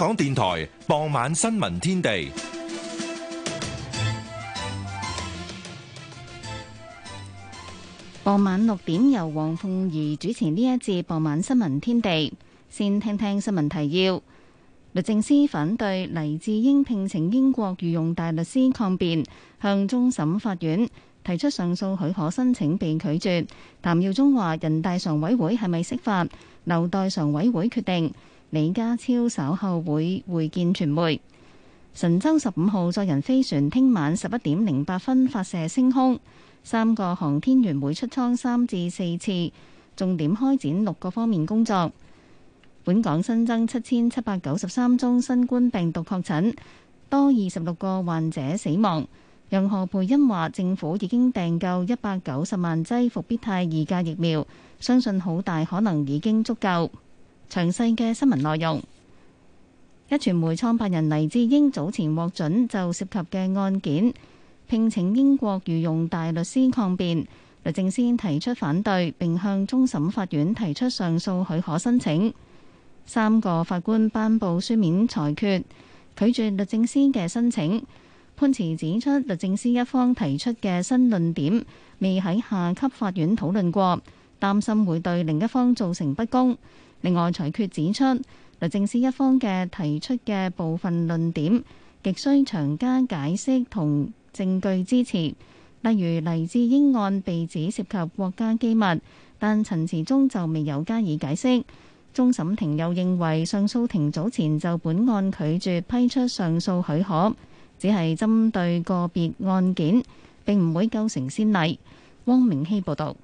港電台傍晚新聞天地，傍晚六點由黃鳳儀主持呢一節傍晚新聞天地，先聽聽新聞提要。律政司反對黎智英聘請英國御用大律師抗辯，向終審法院提出上訴許可申請被拒絕。譚耀宗話：人大常委會係咪釋法？留待常委會決定。李家超稍後會會見傳媒。神舟十五號載人飛船聽晚十一點零八分發射升空，三個航天員會出艙三至四次，重點開展六個方面工作。本港新增七千七百九十三宗新冠病毒確診，多二十六個患者死亡。楊何蓓茵話：政府已經訂購一百九十萬劑復必泰二價疫苗，相信好大可能已經足夠。詳細嘅新聞內容，一傳媒創辦人黎智英早前獲准就涉及嘅案件聘請英國御用大律師抗辯，律政司提出反對並向終審法院提出上訴許可申請。三個法官頒布書面裁決，拒絕律政司嘅申請。判詞指出，律政司一方提出嘅新論點未喺下級法院討論過，擔心會對另一方造成不公。另外，裁決指出律政司一方嘅提出嘅部分論點極需長加解釋同證據支持，例如黎智英案被指涉及國家機密，但陳詞中就未有加以解釋。終審庭又認為上訴庭早前就本案拒絕批出上訴許可，只係針對個別案件，並唔會構成先例。汪明熙報導。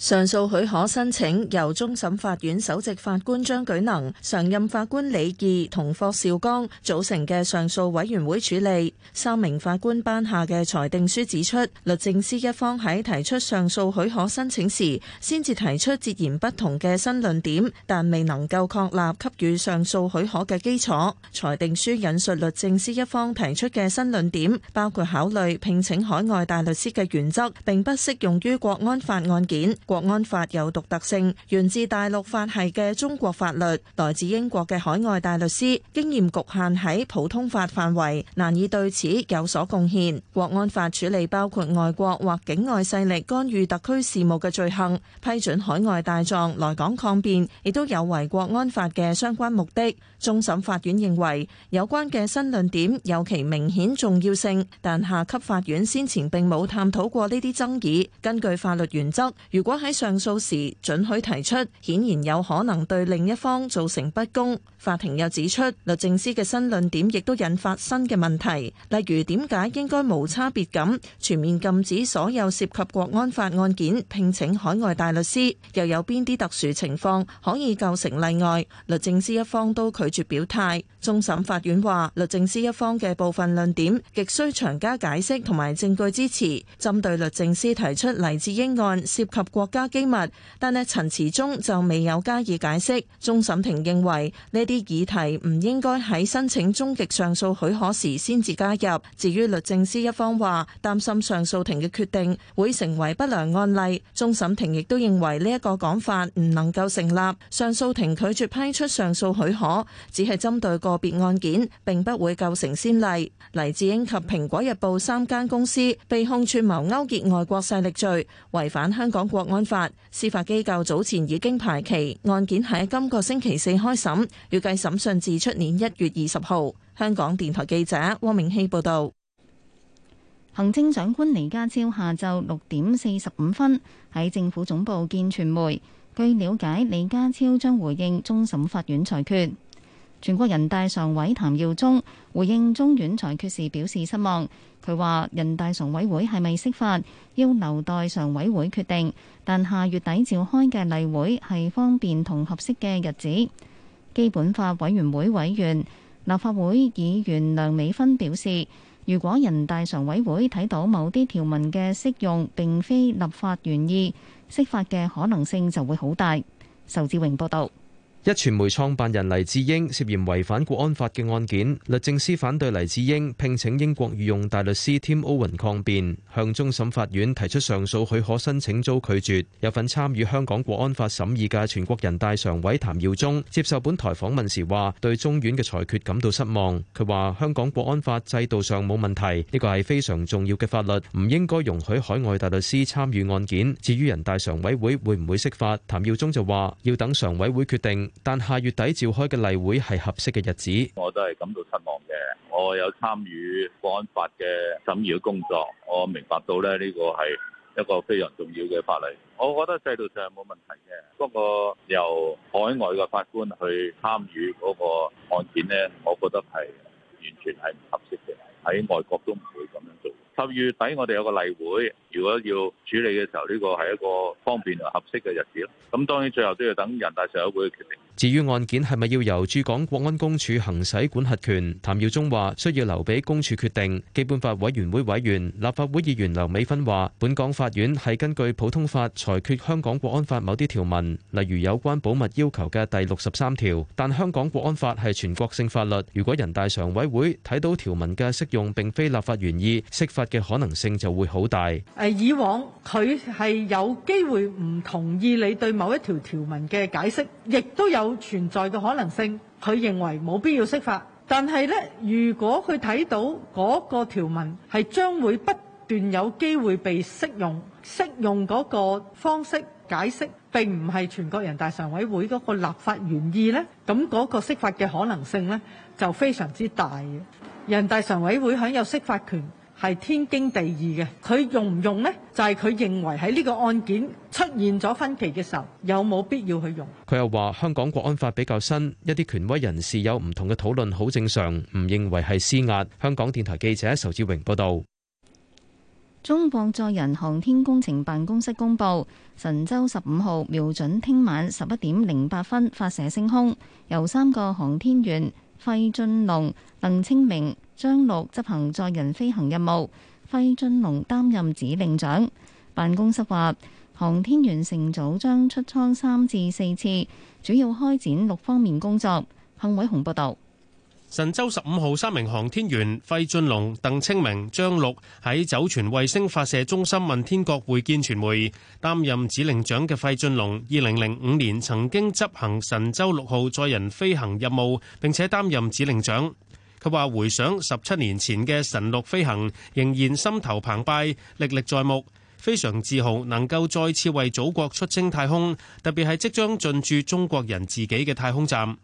上訴許可申請由終審法院首席法官張舉能、常任法官李義同霍兆剛組成嘅上訴委員會處理。三名法官頒下嘅裁定書指出，律政司一方喺提出上訴許可申請時先至提出截然不同嘅新論點，但未能夠確立給予上訴許可嘅基礎。裁定書引述律政司一方提出嘅新論點，包括考慮聘請海外大律師嘅原則，並不適用於國安法案件。國安法有獨特性，源自大陸法系嘅中國法律，來自英國嘅海外大律師，經驗局限喺普通法範圍，難以對此有所貢獻。國安法處理包括外國或境外勢力干預特區事務嘅罪行，批准海外大狀來港抗辯，亦都有違國安法嘅相關目的。終審法院認為有關嘅新論點有其明顯重要性，但下級法院先前並冇探討過呢啲爭議。根據法律原則，如果喺上訴時准許提出，顯然有可能對另一方造成不公。法庭又指出，律政司嘅新論點亦都引發新嘅問題，例如點解應該無差別咁全面禁止所有涉及國安法案件聘請海外大律師，又有邊啲特殊情況可以構成例外？律政司一方都拒絕表態。終審法院話，律政司一方嘅部分論點極需長加解釋同埋證據支持。針對律政司提出黎智英案涉及國家機密，但係陳詞中就未有加以解釋。終審庭認為呢啲議題唔應該喺申請終極上訴許可時先至加入。至於律政司一方話擔心上訴庭嘅決定會成為不良案例，終審庭亦都認為呢一個講法唔能夠成立。上訴庭拒絕批出上訴許可。只係針對個別案件，並不會構成先例。黎智英及《蘋果日報》三間公司被控串謀勾結外國勢力罪，違反香港國安法。司法機構早前已經排期案件喺今個星期四開審，預計審訊至出年一月二十號。香港電台記者汪明熙報導。行政長官李家超下晝六點四十五分喺政府總部見傳媒。據了解，李家超將回應終審法院裁決。全國人大常委譚耀宗回應中院裁決時表示失望，佢話：人大常委會係咪釋法，要留待常委會決定，但下月底召開嘅例會係方便同合適嘅日子。基本法委員會委員、立法會議員梁美芬表示，如果人大常委會睇到某啲條文嘅適用並非立法原意，釋法嘅可能性就會好大。仇志榮報導。一傳媒創辦人黎智英涉嫌違反國安法嘅案件，律政司反對黎智英聘請英國御用大律師 Tim Owen 抗辯，向終審法院提出上訴許可申請遭拒絕。有份參與香港國安法審議嘅全國人大常委譚耀宗接受本台訪問時話，對中院嘅裁決感到失望。佢話香港國安法制度上冇問題，呢個係非常重要嘅法律，唔應該容許海外大律師參與案件。至於人大常委會會唔會釋法，譚耀宗就話要等常委會決定。但下月底召開嘅例會係合適嘅日子，我都係感到失望嘅。我有參與國安法嘅審議工作，我明白到咧呢個係一個非常重要嘅法例。我覺得制度上係冇問題嘅，不過由海外嘅法官去參與嗰個案件咧，我覺得係完全係唔合適嘅。喺外國都唔會咁樣做。十月底我哋有個例會，如果要處理嘅時候，呢個係一個方便同合適嘅日子。咁當然最後都要等人大常委會決定。至於案件係咪要由駐港國安公署行使管轄權，譚耀宗話需要留俾公署決定。基本法委員會委員、立法會議員梁美芬話：本港法院係根據普通法裁決香港國安法某啲條文，例如有關保密要求嘅第六十三條。但香港國安法係全國性法律，如果人大常委會睇到條文嘅適用並非立法原意，釋法嘅可能性就會好大。誒，以往佢係有機會唔同意你對某一條條文嘅解釋，亦都有存在嘅可能性。佢認為冇必要釋法，但係咧，如果佢睇到嗰個條文係將會不斷有機會被適用，適用嗰個方式解釋並唔係全國人大常委會嗰個立法原意咧，咁嗰個釋法嘅可能性咧就非常之大嘅。人大常委會享有釋法權，係天經地義嘅，佢用唔用呢？就係佢認為喺呢個案件出現咗分歧嘅時候，有冇必要去用？佢又話香港國安法比較新，一啲權威人士有唔同嘅討論，好正常，唔認為係施壓。香港電台記者仇志榮報道，中國載人航天工程辦公室公佈，神舟十五號瞄準聽晚十一點零八分發射升空，由三個航天員費俊龍、鄧清明、張陸執行載人飛行任務，費俊龍擔任指令長。辦公室話，航天員乘組將出艙三至四次，主要開展六方面工作。彭偉雄報道。神舟十五號三名航天員費俊龍、鄧清明、張陸喺酒泉衛星發射中心問天閣會見傳媒。擔任指令長嘅費俊龍，二零零五年曾經執行神舟六號載人飛行任務，並且擔任指令長。佢話回想十七年前嘅神六飛行，仍然心頭澎湃，歷歷在目，非常自豪能夠再次為祖國出征太空，特別係即將進駐中國人自己嘅太空站。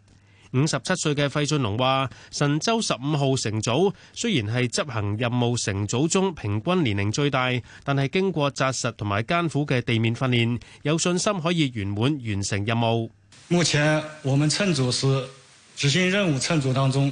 五十七歲嘅費俊龍話：神舟十五號乘組雖然係執行任務乘組中平均年齡最大，但係經過紮實同埋艱苦嘅地面訓練，有信心可以圓滿完成任務。目前我們乘組是執行任務乘組當中。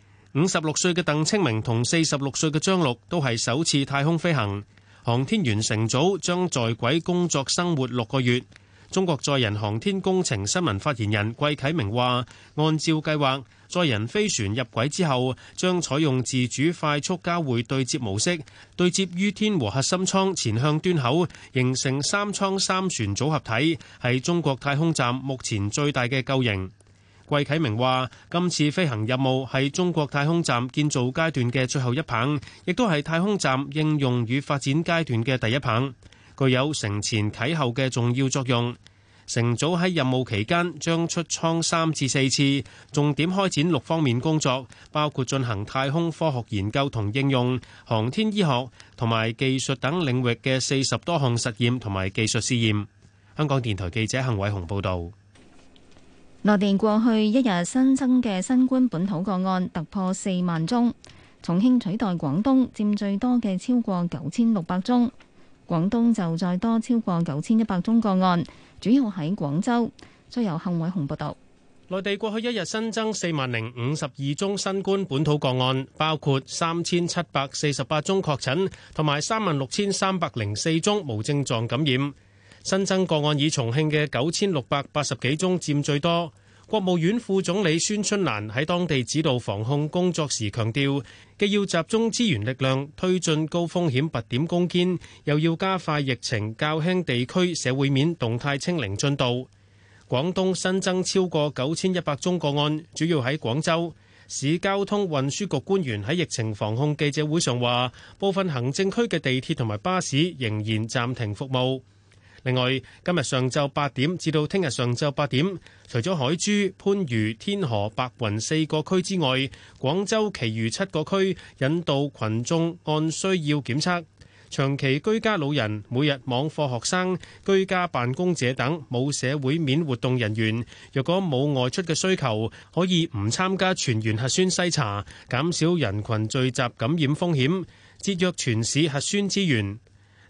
五十六歲嘅鄧清明同四十六歲嘅張陸都係首次太空飛行，航天員乘組將在軌工作生活六個月。中國載人航天工程新聞發言人季啟明話，按照計劃，載人飛船入軌之後，將採用自主快速交會對接模式，對接於天和核心艙前向端口，形成三艙三船組合體，係中國太空站目前最大嘅構型。季啟明話，今次飛行任務係中國太空站建造階段嘅最後一棒，亦都係太空站應用與發展階段嘅第一棒，具有承前啟後嘅重要作用。乘組喺任務期間將出艙三至四次，重點開展六方面工作，包括進行太空科學研究同應用、航天醫學同埋技術等領域嘅四十多項實驗同埋技術試驗，香港電台記者幸偉雄報道。內地過去一日新增嘅新冠本土個案突破四萬宗，重慶取代廣東佔最多嘅超過九千六百宗，廣東就再多超過九千一百宗個案，主要喺廣州。崔友幸偉雄報道，內地過去一日新增四萬零五十二宗新冠本土個案，包括三千七百四十八宗確診，同埋三萬六千三百零四宗無症狀感染。新增個案以重慶嘅九千六百八十幾宗佔最多。國務院副總理孫春蘭喺當地指導防控工作時強調，既要集中資源力量推進高風險拔點攻堅，又要加快疫情較輕地區社會面動態清零進度。廣東新增超過九千一百宗個案，主要喺廣州。市交通運輸局官員喺疫情防控記者會上話部分行政區嘅地鐵同埋巴士仍然暫停服務。另外，今日上晝八點至到聽日上晝八點，除咗海珠、番禺、天河、白雲四個區之外，廣州其餘七個區引導群眾按需要檢測。長期居家老人、每日網課學生、居家辦公者等冇社會面活動人員，若果冇外出嘅需求，可以唔參加全員核酸篩查，減少人群聚集感染風險，節約全市核酸資源。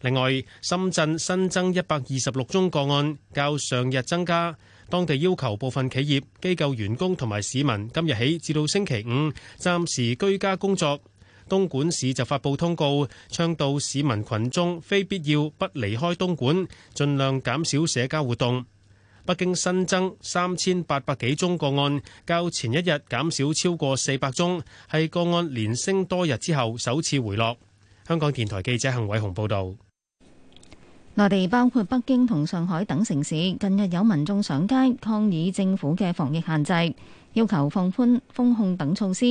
另外，深圳新增一百二十六宗個案，較上日增加。當地要求部分企業機構員工同埋市民今日起至到星期五暫時居家工作。東莞市就發布通告，倡導市民群眾非必要不離開東莞，盡量減少社交活動。北京新增三千八百幾宗個案，較前一日減少超過四百宗，係個案連升多日之後首次回落。香港電台記者幸偉雄報道。內地包括北京同上海等城市，近日有民眾上街抗議政府嘅防疫限制，要求放寬封控等措施。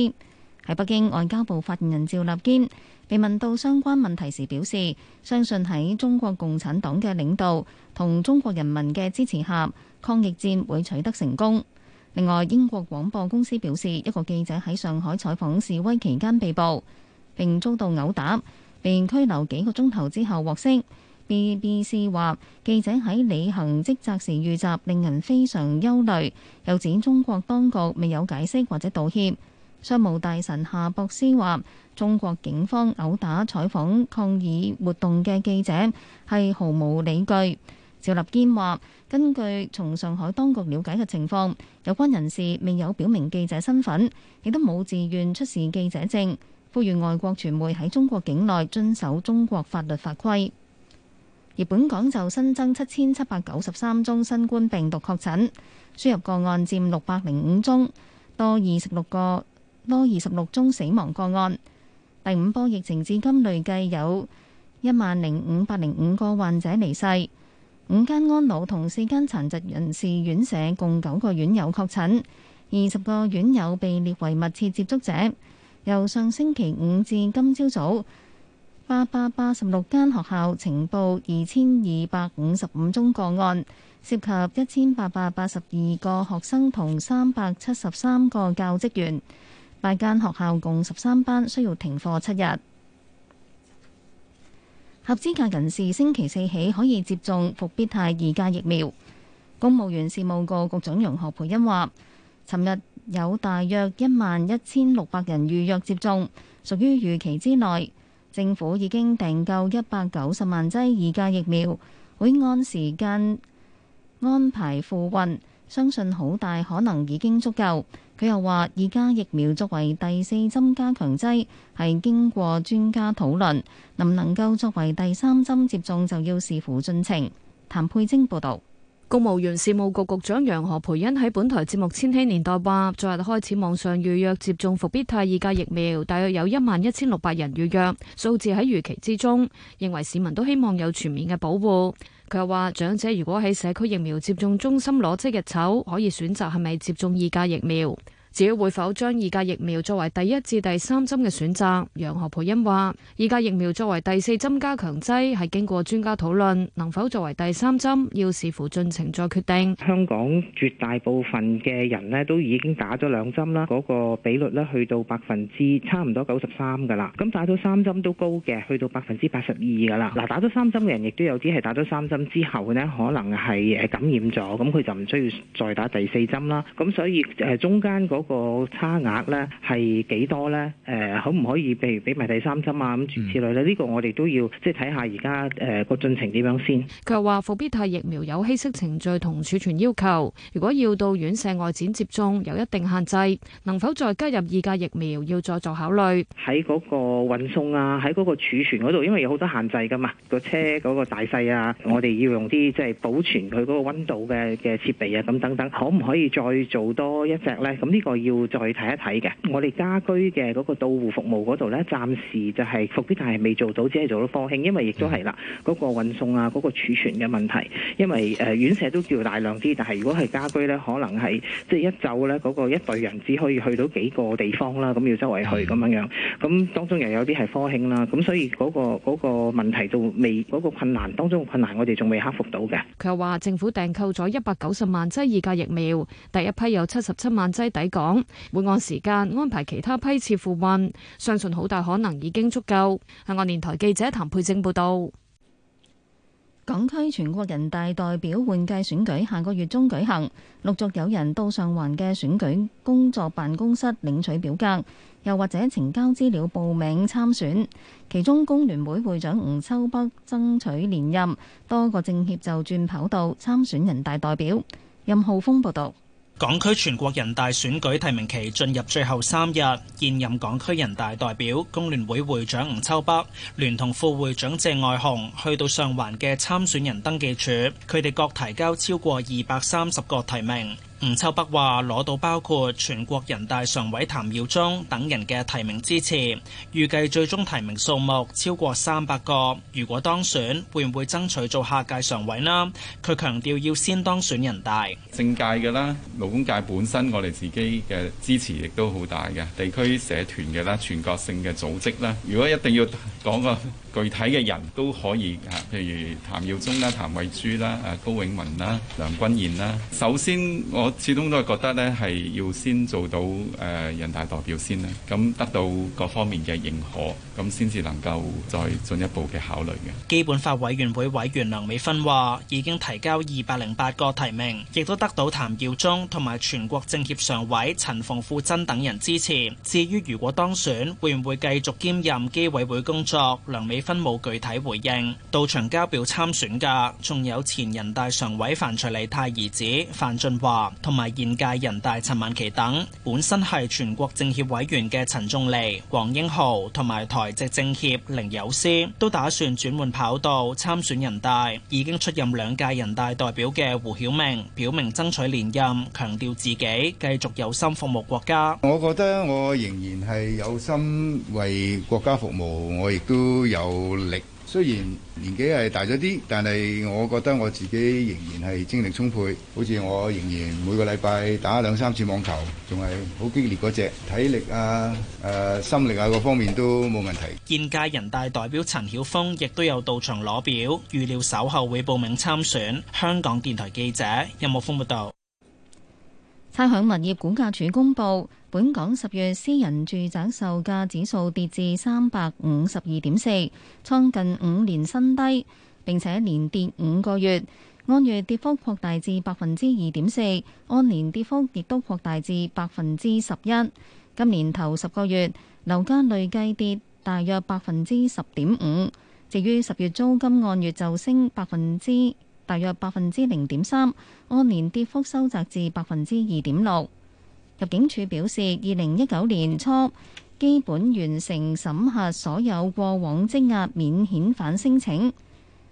喺北京，外交部發言人趙立堅被問到相關問題時表示，相信喺中國共產黨嘅領導同中國人民嘅支持下，抗疫戰會取得成功。另外，英國廣播公司表示，一個記者喺上海採訪示威期間被捕，並遭到毆打，被拘留幾個鐘頭之後獲釋。BBC 話記者喺履行職責時遇襲，令人非常憂慮，又指中國當局未有解釋或者道歉。商務大臣夏博斯話中國警方毆打採訪抗議活動嘅記者係毫無理據，趙立堅話根據從上海當局了解嘅情況，有關人士未有表明記者身份，亦都冇自願出示記者證，呼籲外國傳媒喺中國境內遵守中國法律法規。而本港就新增七千七百九十三宗新冠病毒確診，輸入個案佔六百零五宗，多二十六個多二十六宗死亡個案。第五波疫情至今累計有一萬零五百零五個患者離世。五間安老同四間殘疾人士院舍共九個院友確診，二十個院友被列為密切接觸者。由上星期五至今朝早。八百八十六間學校呈報二千二百五十五宗個案，涉及一千八百八十二個學生同三百七十三個教職員。八間學校共十三班需要停課七日。合資格人士星期四起可以接種復必泰二價疫苗。公務員事務局局長楊何蓓茵話，尋日有大約一萬一千六百人預約接種，屬於預期之內。政府已經訂購一百九十萬劑二價疫苗，會按時間安排付運，相信好大可能已經足夠。佢又話，二價疫苗作為第四針加強劑，係經過專家討論，能唔能夠作為第三針接種，就要視乎進程。譚佩晶報導。公務員事務局局長楊何蓓茵喺本台節目《千禧年代》話，昨日開始網上預約接種復必泰二價疫苗，大約有一萬一千六百人預約，數字喺預期之中。認為市民都希望有全面嘅保護。佢又話，長者如果喺社區疫苗接種中心攞即日籌，可以選擇係咪接種二價疫苗。至於會否將二價疫苗作為第一至第三針嘅選擇，楊何蓓茵話，二價疫苗作為第四針加強劑係經過專家討論，能否作為第三針要視乎進程再決定。香港絕大部分嘅人呢都已經打咗兩針啦，嗰、那個比率呢去到百分之差唔多九十三噶啦，咁打咗三針都高嘅，去到百分之八十二噶啦。嗱，打咗三針嘅人亦都有啲係打咗三針之後呢，可能係誒感染咗，咁佢就唔需要再打第四針啦。咁所以誒、呃、中間嗰、那個嗰個差額呢係幾多呢？誒、呃，可唔可以譬如俾埋第三針啊？咁諸如此類呢？呢、這個我哋都要即係睇下而家誒個進程點樣先。佢又話復必泰疫苗有稀釋程序同儲存要求，如果要到院舍外展接種，有一定限制。能否再加入二價疫苗，要再做考慮。喺嗰個運送啊，喺嗰個儲存嗰、啊、度，因為有好多限制㗎嘛。個車嗰個大細啊，我哋要用啲即係保存佢嗰個溫度嘅嘅設備啊，咁等等，可唔可以再做多一隻咧？咁呢、這個我要再睇一睇嘅，我哋家居嘅嗰個到戶服務嗰度咧，暫時就係復必泰，但係未做到，只係做到科興，因為亦都係啦，嗰、那個運送啊，嗰、那個儲存嘅問題，因為誒、呃、院舍都叫大量啲，但係如果係家居咧，可能係即係一週咧，嗰個一隊人只可以去到幾個地方啦，咁要周圍去咁的樣樣咁當中又有啲係科興啦，咁所以嗰、那個嗰、那個問題都未嗰、那個困難當中嘅困難我哋仲未克服到嘅。佢又話政府訂購咗一百九十萬劑二價疫苗，第一批有七十七萬劑抵港會按時間安排其他批次赴運，相信好大可能已經足夠。香港電台記者譚佩正報導。港區全國人大代表換屆選舉下個月中舉行，陸續有人到上環嘅選舉工作辦公室領取表格，又或者呈交資料報名參選。其中工聯會會長吳秋北爭取連任，多個政協就轉跑道參選人大代表。任浩峰報道。港區全國人大選舉提名期進入最後三日，現任港區人大代表、工聯會會長吳秋北聯同副會長謝愛紅去到上環嘅參選人登記處，佢哋各提交超過二百三十個提名。吳秋北話攞到包括全國人大常委譚耀宗等人嘅提名支持，預計最終提名數目超過三百個。如果當選，會唔會爭取做下屆常委呢？佢強調要先當選人大政界，嘅啦，勞工界本身我哋自己嘅支持亦都好大嘅，地區社團嘅啦，全國性嘅組織啦。如果一定要講個具體嘅人都可以，譬如譚耀宗啦、譚慧珠啦、阿高永文啦、梁君彥啦。首先我始終都係覺得咧，係要先做到誒、呃、人大代表先啦，咁、嗯、得到各方面嘅認可。咁先至能夠再進一步嘅考慮嘅。基本法委員會委員梁美芬話已經提交二百零八個提名，亦都得到譚耀宗同埋全國政協常委陳馮富珍等人支持。至於如果當選會唔會繼續兼任基委會工作？梁美芬冇具體回應。到場交表參選嘅，仲有前人大常委范徐麗泰兒子范俊華同埋現屆人大陳曼琪等。本身係全國政協委員嘅陳仲利、黃英豪同埋台直政協凌友詩，都打算轉換跑道參選人大。已經出任兩屆人大代表嘅胡曉明表明爭取連任，強調自己繼續有心服務國家。我覺得我仍然係有心為國家服務，我亦都有力。雖然年紀係大咗啲，但係我覺得我自己仍然係精力充沛，好似我仍然每個禮拜打兩三次網球，仲係好激烈嗰隻體力啊、誒、呃、心力啊各方面都冇問題。現屆人大代表陳曉峰亦都有到場攞表，預料稍後會報名參選。香港電台記者任木峯報道。差餉物業估價署公佈，本港十月私人住宅售價指數跌至三百五十二點四，創近五年新低，並且連跌五個月，按月跌幅擴大至百分之二點四，按年跌幅亦都擴大至百分之十一。今年頭十個月樓價累計跌大約百分之十點五，至於十月租金按月就升百分之大約百分之零點三，按年跌幅收窄至百分之二點六。入境處表示，二零一九年初基本完成審核所有過往積壓免遣返申請，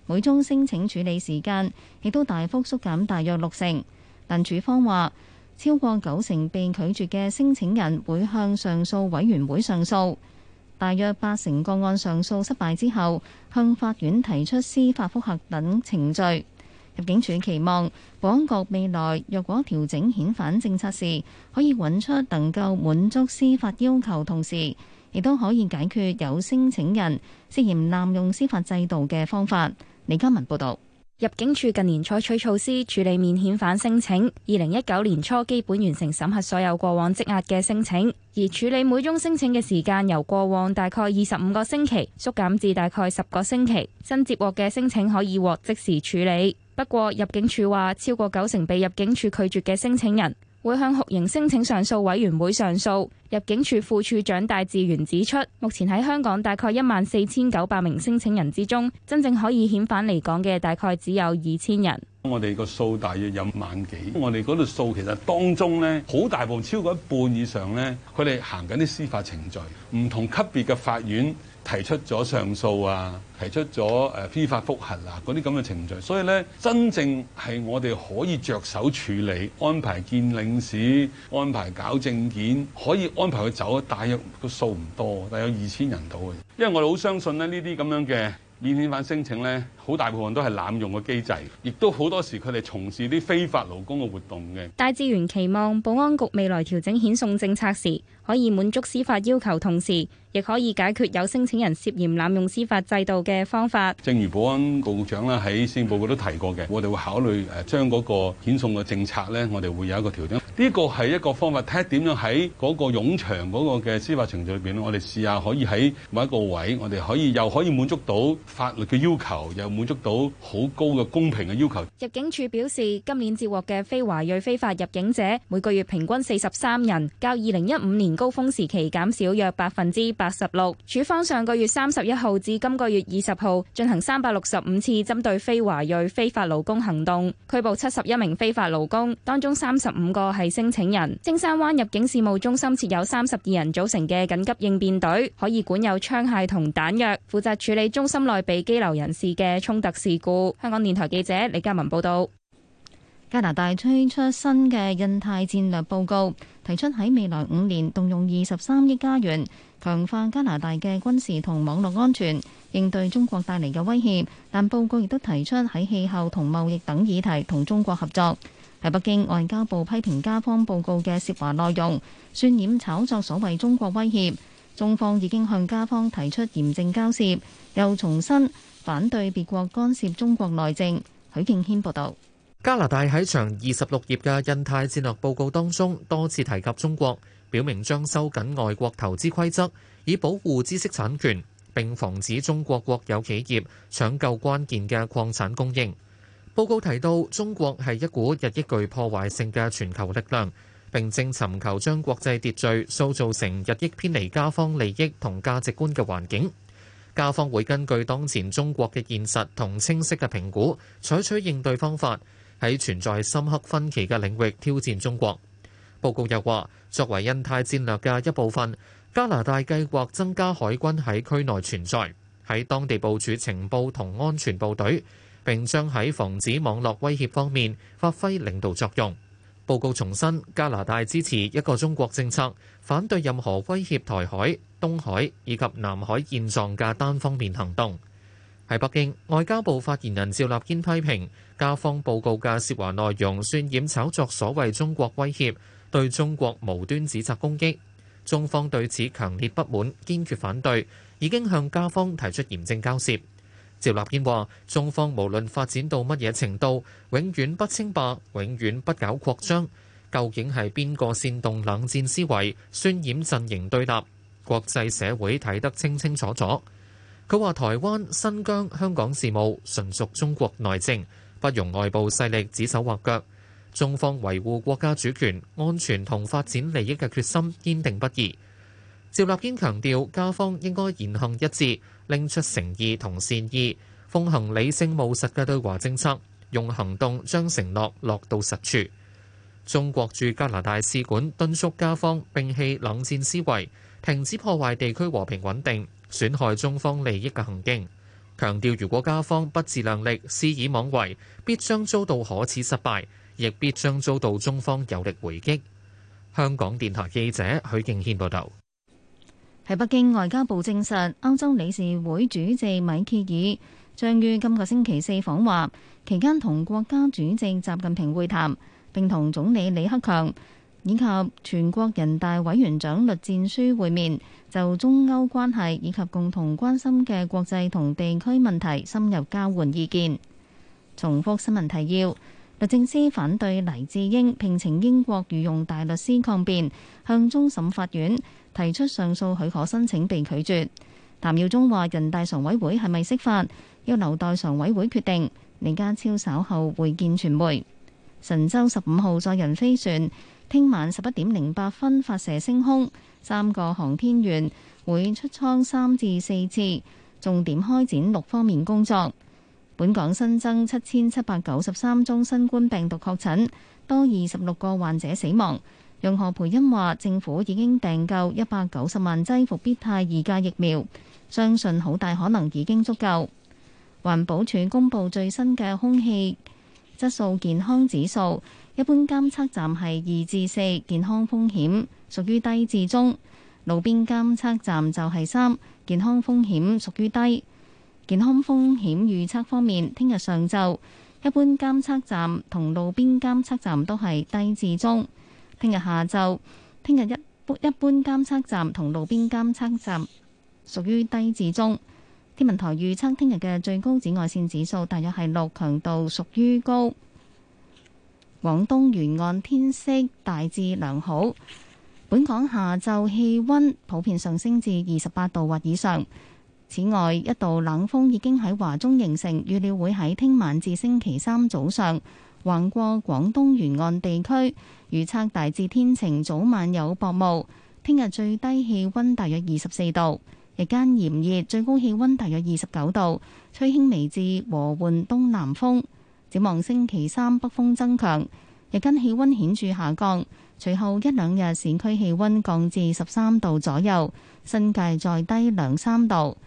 每宗申請處理時間亦都大幅縮減大約六成。但處方話，超過九成被拒絕嘅申請人會向上訴委員會上訴，大約八成個案上訴失敗之後，向法院提出司法複核等程序。入境處期望保安局未來若果調整遣返政策時，可以搵出能夠滿足司法要求，同時亦都可以解決有申請人涉嫌濫用司法制度嘅方法。李嘉文報道。入境處近年採取措施處理免遣返申請，二零一九年初基本完成審核所有過往積壓嘅申請，而處理每宗申請嘅時間由過往大概二十五個星期縮減至大概十個星期，新接獲嘅申請可以獲即時處理。不過入境處話，超過九成被入境處拒絕嘅申請人。會向酷刑申請上訴委員會上訴。入境處副處長戴志源指出，目前喺香港大概一萬四千九百名申請人之中，真正可以遣返離港嘅大概只有二千人。我哋個數大約有萬幾，我哋嗰度數其實當中咧，好大部分超過一半以上咧，佢哋行緊啲司法程序，唔同級別嘅法院。提出咗上訴啊，提出咗誒批法覆核啊，嗰啲咁嘅程序，所以呢，真正係我哋可以着手處理，安排見領事，安排搞證件，可以安排佢走，大約個數唔多，大約二千人到嘅，因為我哋好相信咧呢啲咁樣嘅免遣返聲請呢。好大部分都係濫用嘅機制，亦都好多時佢哋從事啲非法勞工嘅活動嘅。大志源期望保安局未來調整遣送政策時可以滿足司法要求，同時亦可以解決有申請人涉嫌濫用司法制度嘅方法。正如保安局局長啦喺施政報告都提過嘅，我哋會考慮誒將嗰個遣送嘅政策咧，我哋會有一個調整。呢個係一個方法，睇點樣喺嗰個冗長嗰個嘅司法程序裏邊，我哋試下可以喺某一個位，我哋可以又可以滿足到法律嘅要求，又。滿足到好高嘅公平嘅要求。入境處表示，今年接獲嘅非華裔非法入境者每個月平均四十三人，較二零一五年高峰時期減少約百分之八十六。處方上個月三十一號至今個月二十號進行三百六十五次針對非華裔非法勞工行動，拘捕七十一名非法勞工，當中三十五個係申請人。青山灣入境事務中心設有三十二人組成嘅緊急應變隊，可以管有槍械同彈藥，負責處理中心內被羈留人士嘅衝突事故。香港電台記者李嘉文報道，加拿大推出新嘅印太戰略報告，提出喺未來五年動用二十三億加元，強化加拿大嘅軍事同網絡安全，應對中國帶嚟嘅威脅。但報告亦都提出喺氣候同貿易等議題同中國合作。喺北京，外交部批評加方報告嘅涉華內容，渲染炒作所謂中國威脅。中方已經向加方提出嚴正交涉，又重申。反對別國干涉中國內政。許敬軒報道，加拿大喺長二十六頁嘅印太戰略報告當中，多次提及中國，表明將收緊外國投資規則，以保護知識產權，並防止中國國有企業搶購關鍵嘅礦產供應。報告提到，中國係一股日益具破壞性嘅全球力量，並正尋求將國際秩序塑造成日益偏離各方利益同價值觀嘅環境。加方會根據當前中國嘅現實同清晰嘅評估，採取應對方法，喺存在深刻分歧嘅領域挑戰中國。報告又話，作為印太戰略嘅一部分，加拿大計劃增加海軍喺區內存在，喺當地部署情報同安全部隊，並將喺防止網絡威脅方面發揮領導作用。報告重申，加拿大支持一個中國政策，反對任何威脅台海、東海以及南海現狀嘅單方面行動。喺北京外交部發言人趙立堅批評，加方報告嘅涉華內容渲染炒作所謂中國威脅，對中國無端指責攻擊，中方對此強烈不滿，堅決反對，已經向加方提出嚴正交涉。趙立堅話：中方無論發展到乜嘢程度，永遠不稱霸，永遠不搞擴張。究竟係邊個煽動冷戰思維，渲染陣營對立？國際社會睇得清清楚楚。佢話：台灣、新疆、香港事務純屬中國內政，不容外部勢力指手畫腳。中方維護國家主權、安全同發展利益嘅決心堅定不移。趙立堅強調，加方應該言行一致，拎出誠意同善意，奉行理性務實嘅對華政策，用行動將承諾落到實處。中國駐加拿大使館敦促加方摒棄冷戰思維。停止破壞地區和平穩定、損害中方利益嘅行徑。強調如果加方不自量力、肆意妄為，必將遭到可恥失敗，亦必將遭到中方有力回擊。香港電台記者許敬軒報導。喺北京，外交部證實，歐洲理事會主席米歇爾將於今個星期四訪華，期間同國家主席習近平會談，並同總理李克強。以及全國人大委員長栗戰書會面，就中歐關係以及共同關心嘅國際同地區問題深入交換意見。重複新聞提要：律政司反對黎智英，聘請英國御用大律師抗辯，向終審法院提出上訴許可申請被拒絕。譚耀宗話：人大常委會係咪釋法，要留待常委會決定。李家超稍後會見傳媒。神舟十五號載人飛船。聽晚十一點零八分發射升空，三個航天員會出艙三至四次，重點開展六方面工作。本港新增七千七百九十三宗新冠病毒確診，多二十六個患者死亡。楊何蓓茵話：政府已經訂購一百九十萬劑復必泰二價疫苗，相信好大可能已經足夠。環保署公布最新嘅空氣質素健康指數。一般監測站係二至四，健康風險屬於低至中；路邊監測站就係三，健康風險屬於低。健康風險預測方面，聽日上晝一般監測站同路邊監測站都係低至中；聽日下晝，聽日一一般監測站同路邊監測站屬於低至中。天文台預測聽日嘅最高紫外線指數大約係六，強度屬於高。廣東沿岸天色大致良好，本港下晝氣溫普遍上升至二十八度或以上。此外，一道冷鋒已經喺華中形成，預料會喺聽晚至星期三早上橫過廣東沿岸地區，預測大致天晴，早晚有薄霧。聽日最低氣溫大約二十四度，日間炎熱，最高氣溫大約二十九度，吹輕微至和緩東南風。展望星期三北風增強，日間氣溫顯著下降，隨後一兩日市區氣溫降至十三度左右，新界再低兩三度。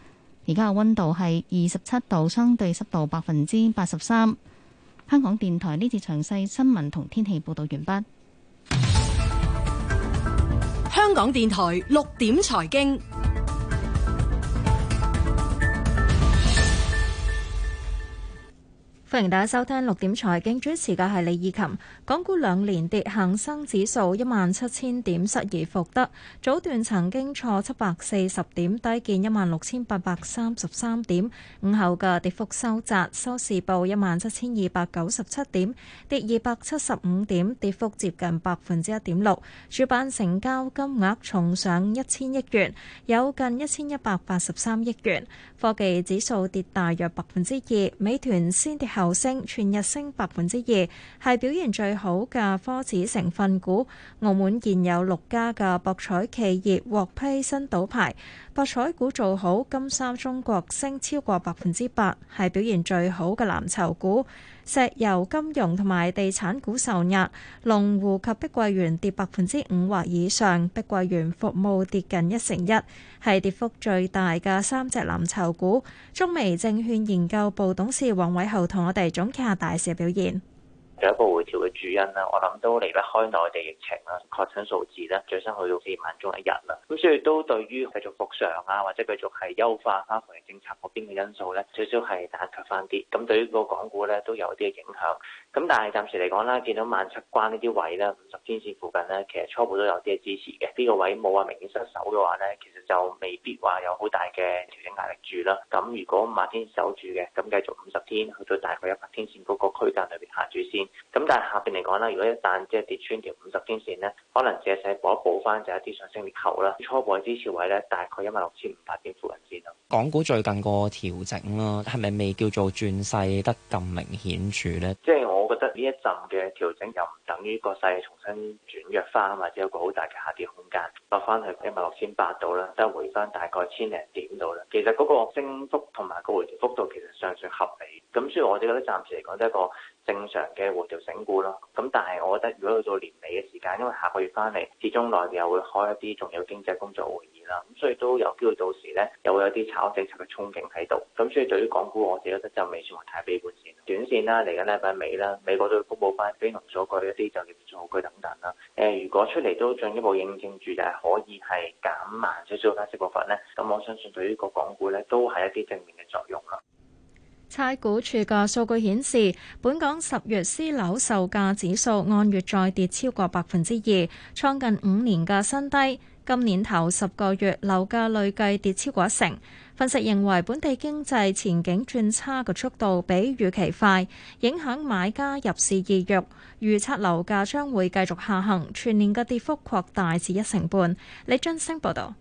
而家嘅溫度係二十七度，相對濕度百分之八十三。香港電台呢次詳細新聞同天氣報道完畢。香港電台六點財經。歡迎大家收聽六點財經，主持嘅係李以琴。港股兩年跌，恒生指數一萬七千點失而復得，早段曾經挫七百四十點，低見一萬六千八百三十三點。午後嘅跌幅收窄，收市報一萬七千二百九十七點，跌二百七十五點，跌幅接近百分之一點六。主板成交金額重上一千億元，有近一千一百八十三億元。科技指數跌大約百分之二，美團先跌後。牛星全日升百分之二，係表現最好嘅科指成分股。澳門現有六家嘅博彩企業獲批新賭牌，博彩股做好。金沙中國升超過百分之八，係表現最好嘅藍籌股。石油、金融同埋地產股受壓，龍湖及碧桂園跌百分之五或以上，碧桂園服務跌近一成一，係跌幅最大嘅三隻藍籌股。中微證券研究部董事王偉豪同我哋總結下大市表現。有一個回調嘅主因啦，我諗都離不開內地疫情啦，確診數字咧最新去到四萬宗一日啦，咁所以都對於繼續復常啊，或者繼續係優化返防疫政策嗰邊嘅因素咧，少少係壓強翻啲，咁對於個港股咧都有啲嘅影響。咁但係暫時嚟講啦，見到萬七關呢啲位啦，五十天線附近咧，其實初步都有啲支持嘅。呢個位冇話明顯失守嘅話咧，其實就未必話有好大嘅調整壓力住啦。咁如果萬天守住嘅，咁繼續五十天去到大概一百天線嗰個區間裏邊行住先。咁但係下邊嚟講啦，如果一旦即係跌穿條五十天線咧，可能借勢一補翻就一啲上升裂口啦。初步嘅支持位咧，大概一萬六千五百點附近先啦。港股最近個調整啦、啊，係咪未叫做轉勢得咁明顯住咧？即係我。覺得呢一陣嘅調整又唔等於個勢重新轉弱翻，或者有個好大嘅下跌空間落翻去一萬六千八度啦，即係回翻大概千零點度啦。其實嗰個升幅同埋個回調幅度其實尚算合理，咁所以我哋覺得暫時嚟講都係一個正常嘅回調整固囉。咁但係我覺得如果去到年尾嘅時間，因為下個月翻嚟，始終內地又會開一啲重要經濟工作會。咁所以都有機會到時呢，又會有啲炒政策嘅憧憬喺度。咁所以對於港股，我自己覺得就未算話太悲觀先。短線啦，嚟緊禮拜尾啦，美國都會公布翻非農數據一啲就業數據等等啦。誒，如果出嚟都進一步認證住就係可以係減慢少少翻息步伐呢，咁我相信對於個港股呢，都係一啲正面嘅作用啦。差估署嘅數據顯示，本港十月私樓售，售價指數按月再跌超過百分之二，創近五年嘅新低。今年頭十個月樓價累計跌超過一成，分析認為本地經濟前景轉差嘅速度比預期快，影響買家入市意欲，預測樓價將會繼續下行，全年嘅跌幅擴大至一成半。李俊升報導。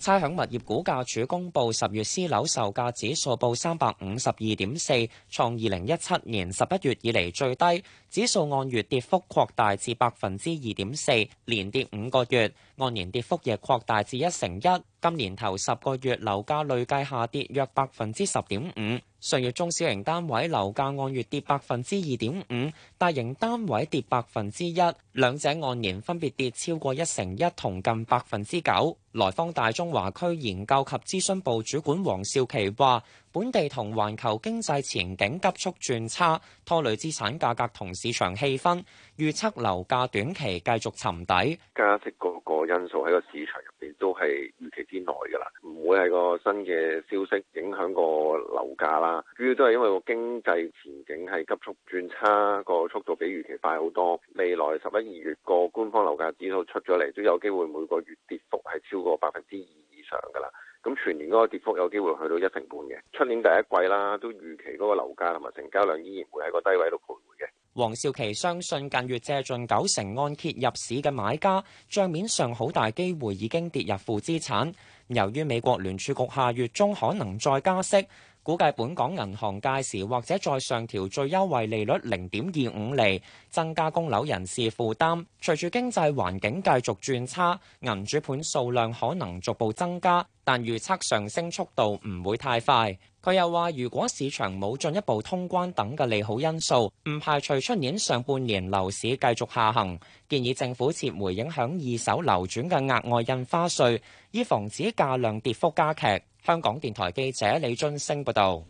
差餉物業估價處公布十月私樓售價指數報三百五十二點四，創二零一七年十一月以嚟最低，指數按月跌幅擴大至百分之二點四，連跌五個月，按年跌幅亦擴大至一成一。今年頭十個月樓價累計下跌約百分之十點五。上月中小型單位樓價按月跌百分之二點五，大型單位跌百分之一，兩者按年分別跌超過一成一，同近百分之九。來方大中華區研究及諮詢部主管黃少琪話，本地同環球經濟前景急速轉差，拖累資產價格同市場氣氛，預測樓價短期繼續沉底。加息嗰個因素喺個市場入邊都係預期之內噶啦，唔會係個新嘅消息影響個樓價啦。主要都係因為個經濟前景係急速轉差，個速度比預期快好多。未來十一、二月個官方樓價指數出咗嚟，都有機會每個月跌幅係超過。過百分之二以上噶啦，咁全年嗰個跌幅有機會去到一成半嘅。出年第一季啦，都預期嗰個樓價同埋成交量依然會喺個低位度徘徊嘅。黃少琪相信近月借盡九成按揭入市嘅買家，賬面上好大機會已經跌入負資產。由於美國聯儲局下月中可能再加息。估計本港銀行屆時或者再上調最優惠利率零點二五厘，增加供樓人士負擔。隨住經濟環境繼續轉差，銀主盤數量可能逐步增加，但預測上升速度唔會太快。佢又話：如果市場冇進一步通關等嘅利好因素，唔排除出年上半年樓市繼續下行，建議政府撤回影響二手流轉嘅額外印花稅，以防止價量跌幅加劇。香港電台記者李俊升報導。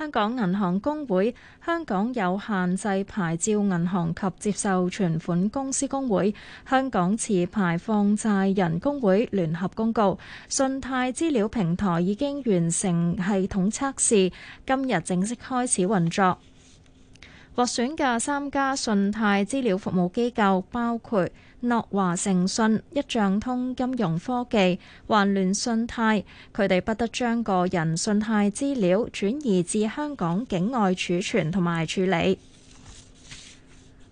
香港銀行公會、香港有限制牌照銀行及接受存款公司公會、香港持牌放債人公會聯合公告，信貸資料平台已經完成系統測試，今日正式開始運作。獲選嘅三家信貸資料服務機構包括，諾華誠信、一賬通金融科技、環聯信貸，佢哋不得將個人信貸資料轉移至香港境外儲存同埋處理。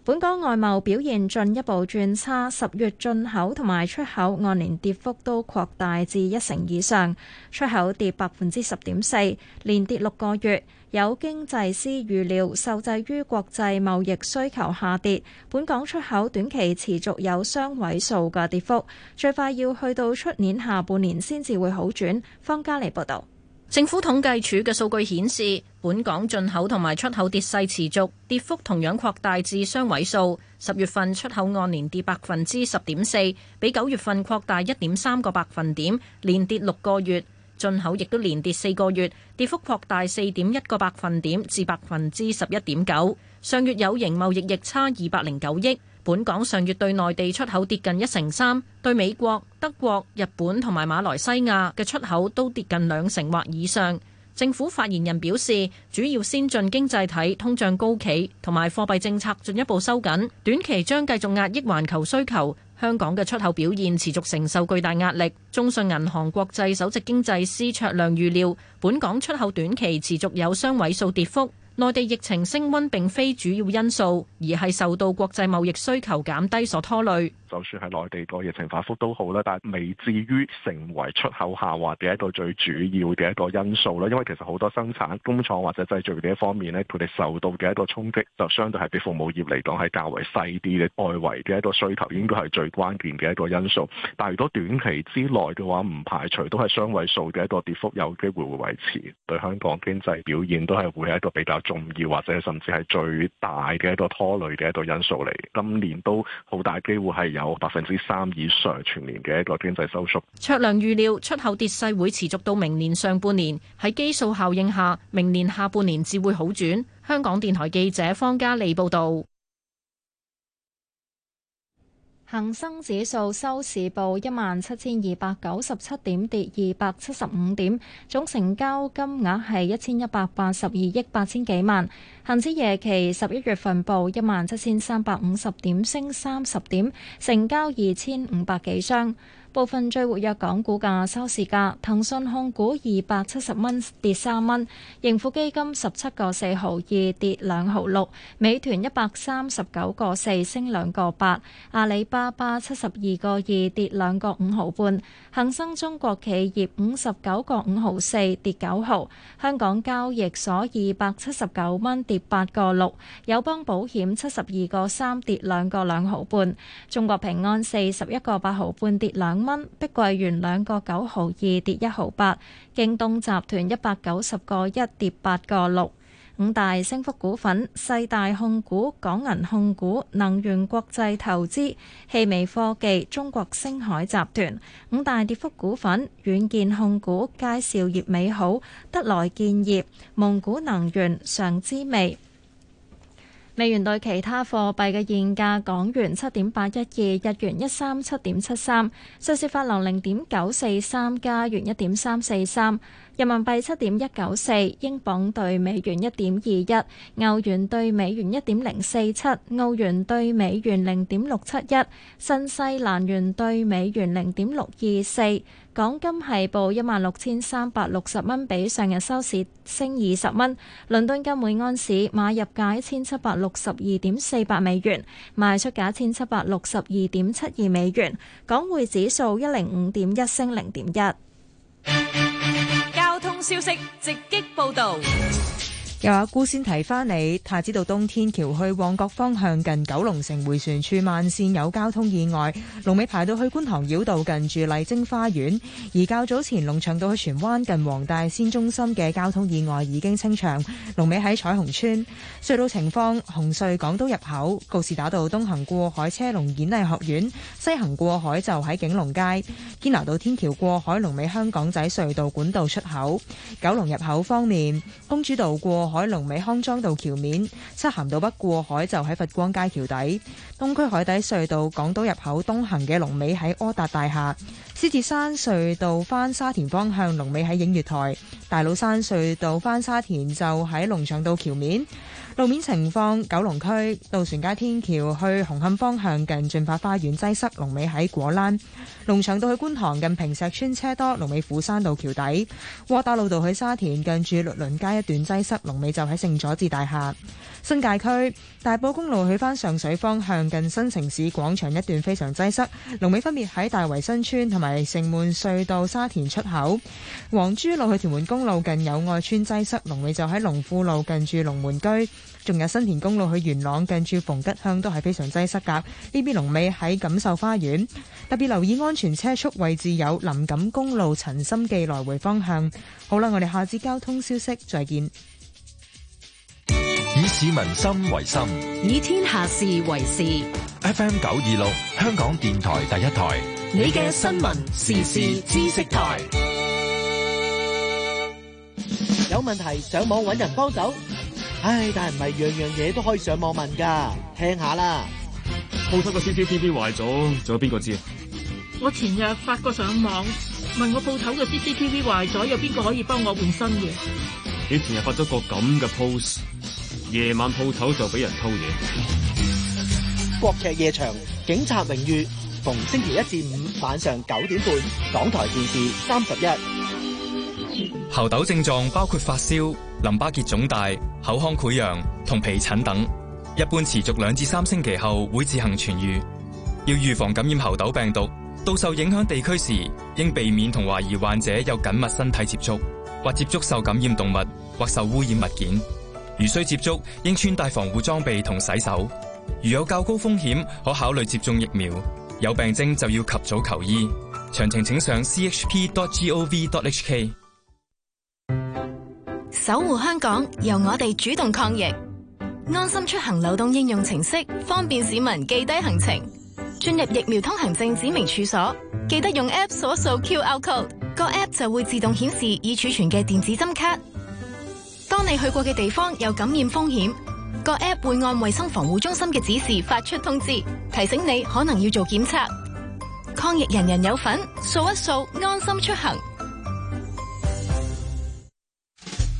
本港外貿表現進一步轉差，十月進口同埋出口按年跌幅都擴大至一成以上，出口跌百分之十點四，連跌六個月。有經濟師預料，受制於國際貿易需求下跌，本港出口短期持續有雙位數嘅跌幅，最快要去到出年下半年先至會好轉。方家妮報道，政府統計處嘅數據顯示，本港進口同埋出口跌勢持續，跌幅同樣擴大至雙位數。十月份出口按年跌百分之十點四，比九月份擴大一點三個百分點，連跌六個月。進口亦都連跌四個月，跌幅擴大四點一個百分點至百分之十一點九。上月有形貿易逆差二百零九億。本港上月對內地出口跌近一成三，對美國、德國、日本同埋馬來西亞嘅出口都跌近兩成或以上。政府發言人表示，主要先進經濟體通脹高企，同埋貨幣政策進一步收緊，短期將繼續壓抑環球需求。香港嘅出口表現持續承受巨大壓力。中信銀行國際首席經濟師卓亮預料，本港出口短期持續有雙位數跌幅，內地疫情升溫並非主要因素，而係受到國際貿易需求減低所拖累。就算係內地個疫情反覆都好啦，但係未至於成為出口下滑嘅一個最主要嘅一個因素啦。因為其實好多生產工廠或者製造業嘅一方面咧，佢哋受到嘅一個衝擊就相對係比服務業嚟講，係較為細啲嘅。外圍嘅一個需求應該係最關鍵嘅一個因素。但係如果短期之內嘅話，唔排除都係雙位數嘅一個跌幅，有機會會維持，對香港經濟表現都係會係一個比較重要或者甚至係最大嘅一個拖累嘅一個因素嚟。今年都好大機會係。有百分之三以上全年嘅一個經濟收縮。卓亮預料出口跌勢會持續到明年上半年，喺基數效應下，明年下半年至會好轉。香港電台記者方嘉莉報道。恒生指數收市報一萬七千二百九十七點，跌二百七十五點，總成交金額係一千一百八十二億八千幾萬。恒指夜期十一月份報一萬七千三百五十點，升三十點，成交二千五百幾張。部分最活躍港股價收市價：騰訊控股二百七十蚊跌三蚊，盈富基金十七個四毫二跌兩毫六，美團一百三十九個四升兩個八，阿里巴巴七十二個二跌兩個五毫半，恒生中國企業五十九個五毫四跌九毫，香港交易所二百七十九蚊跌八個六，友邦保險七十二個三跌兩個兩毫半，中國平安四十一個八毫半跌兩五蚊，碧桂園兩個九毫二跌一毫八，京東集團一百九十個一跌八個六。五大升幅股份：世大控股、港銀控股、能源國際投資、氣味科技、中國星海集團。五大跌幅股份：軟件控股、佳兆業美好、德來建業、蒙古能源、常之味。美元兌其他貨幣嘅現價：港元七點八一二，日元一三七點七三，瑞士法郎零點九四三，加元一點三四三，人民幣七點一九四，英鎊對美元一點二一，歐元對美元一點零四七，澳元對美元零點六七一，新西蘭元對美元零點六二四。港金係報一萬六千三百六十蚊，比上日收市升二十蚊。倫敦金每安士買入價一千七百六十二點四八美元，賣出價一千七百六十二點七二美元。港匯指數一零五點一升零點一。交通消息直擊報道。又阿姑先提翻你，太子道東天橋去旺角方向近九龍城迴旋處慢線有交通意外，龍尾排到去觀塘繞道近住麗晶花園。而較早前龍翔道去荃灣近黃大仙中心嘅交通意外已經清場，龍尾喺彩虹村隧道情況。紅隧港島入口告士打道東行過海車龍，演藝學院西行過海就喺景隆街。堅拿道天橋過海龍尾香港仔隧道管道出口。九龍入口方面，公主道過海龍尾康莊道橋面，漆咸道北過海就喺佛光街橋底；東區海底隧道港島入口東行嘅龍尾喺柯達大廈；獅子山隧道翻沙田方向龍尾喺映月台；大老山隧道翻沙田就喺龍翔道橋面。路面情況，九龍區渡船街天橋去紅磡方向近駿發花園擠塞，龍尾喺果欄；龍翔道去觀塘近坪石村車多，龍尾虎山道橋底；窩打老道去沙田近住律倫街一段擠塞，龍尾就喺聖佐治大廈。新界區大埔公路去返上水方向近新城市廣場一段非常擠塞，龍尾分別喺大圍新村同埋城門隧道沙田出口。黃珠路去屯門公路近友愛村擠塞，龍尾就喺龍富路近住龍門居。仲有新田公路去元朗近住逢吉鄉都係非常擠塞噶，呢邊龍尾喺錦繡花園。特別留意安全車速位置有林錦公路陳心記來回方向。好啦，我哋下次交通消息再見。以市民心為心，以天下事為事。FM 九二六，香港電台第一台，你嘅新聞時事知識台。有問題上網揾人幫手。唉，但係唔係樣樣嘢都可以上網問噶？聽下啦。鋪頭嘅 CCTV 壞咗，仲有邊個知啊？我前日發過上網問我鋪頭嘅 CCTV 壞咗，有邊個可以幫我換新嘅？你前日發咗個咁嘅 post，夜晚鋪頭就俾人偷嘢。國劇夜場，警察榮譽，逢星期一至五晚上九點半，港台電視三十一。猴痘症狀包括發燒，淋巴結腫大、口腔潰瘍同皮疹等，一般持續兩至三星期後會自行痊愈。要預防感染猴痘病毒，到受影響地區時應避免同懷疑患者有緊密身體接觸，或接觸受感染動物或受污染物件。如需接觸，應穿戴防護裝備同洗手。如有較高風險，可考慮接種疫苗。有病徵就要及早求醫。詳情請上 chp.gov.hk。守護香港，由我哋主動抗疫，安心出行。流動應用程式方便市民記低行程，進入疫苗通行證指明處所，記得用 app 掃一掃 QR code，個 app 就會自動顯示已儲存嘅電子針卡。當你去過嘅地方有感染風險，個 app 會按衛生防護中心嘅指示發出通知，提醒你可能要做檢測。抗疫人人有份，掃一掃，安心出行。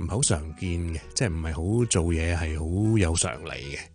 唔係好常見嘅，即係唔係好做嘢，係好有常理嘅。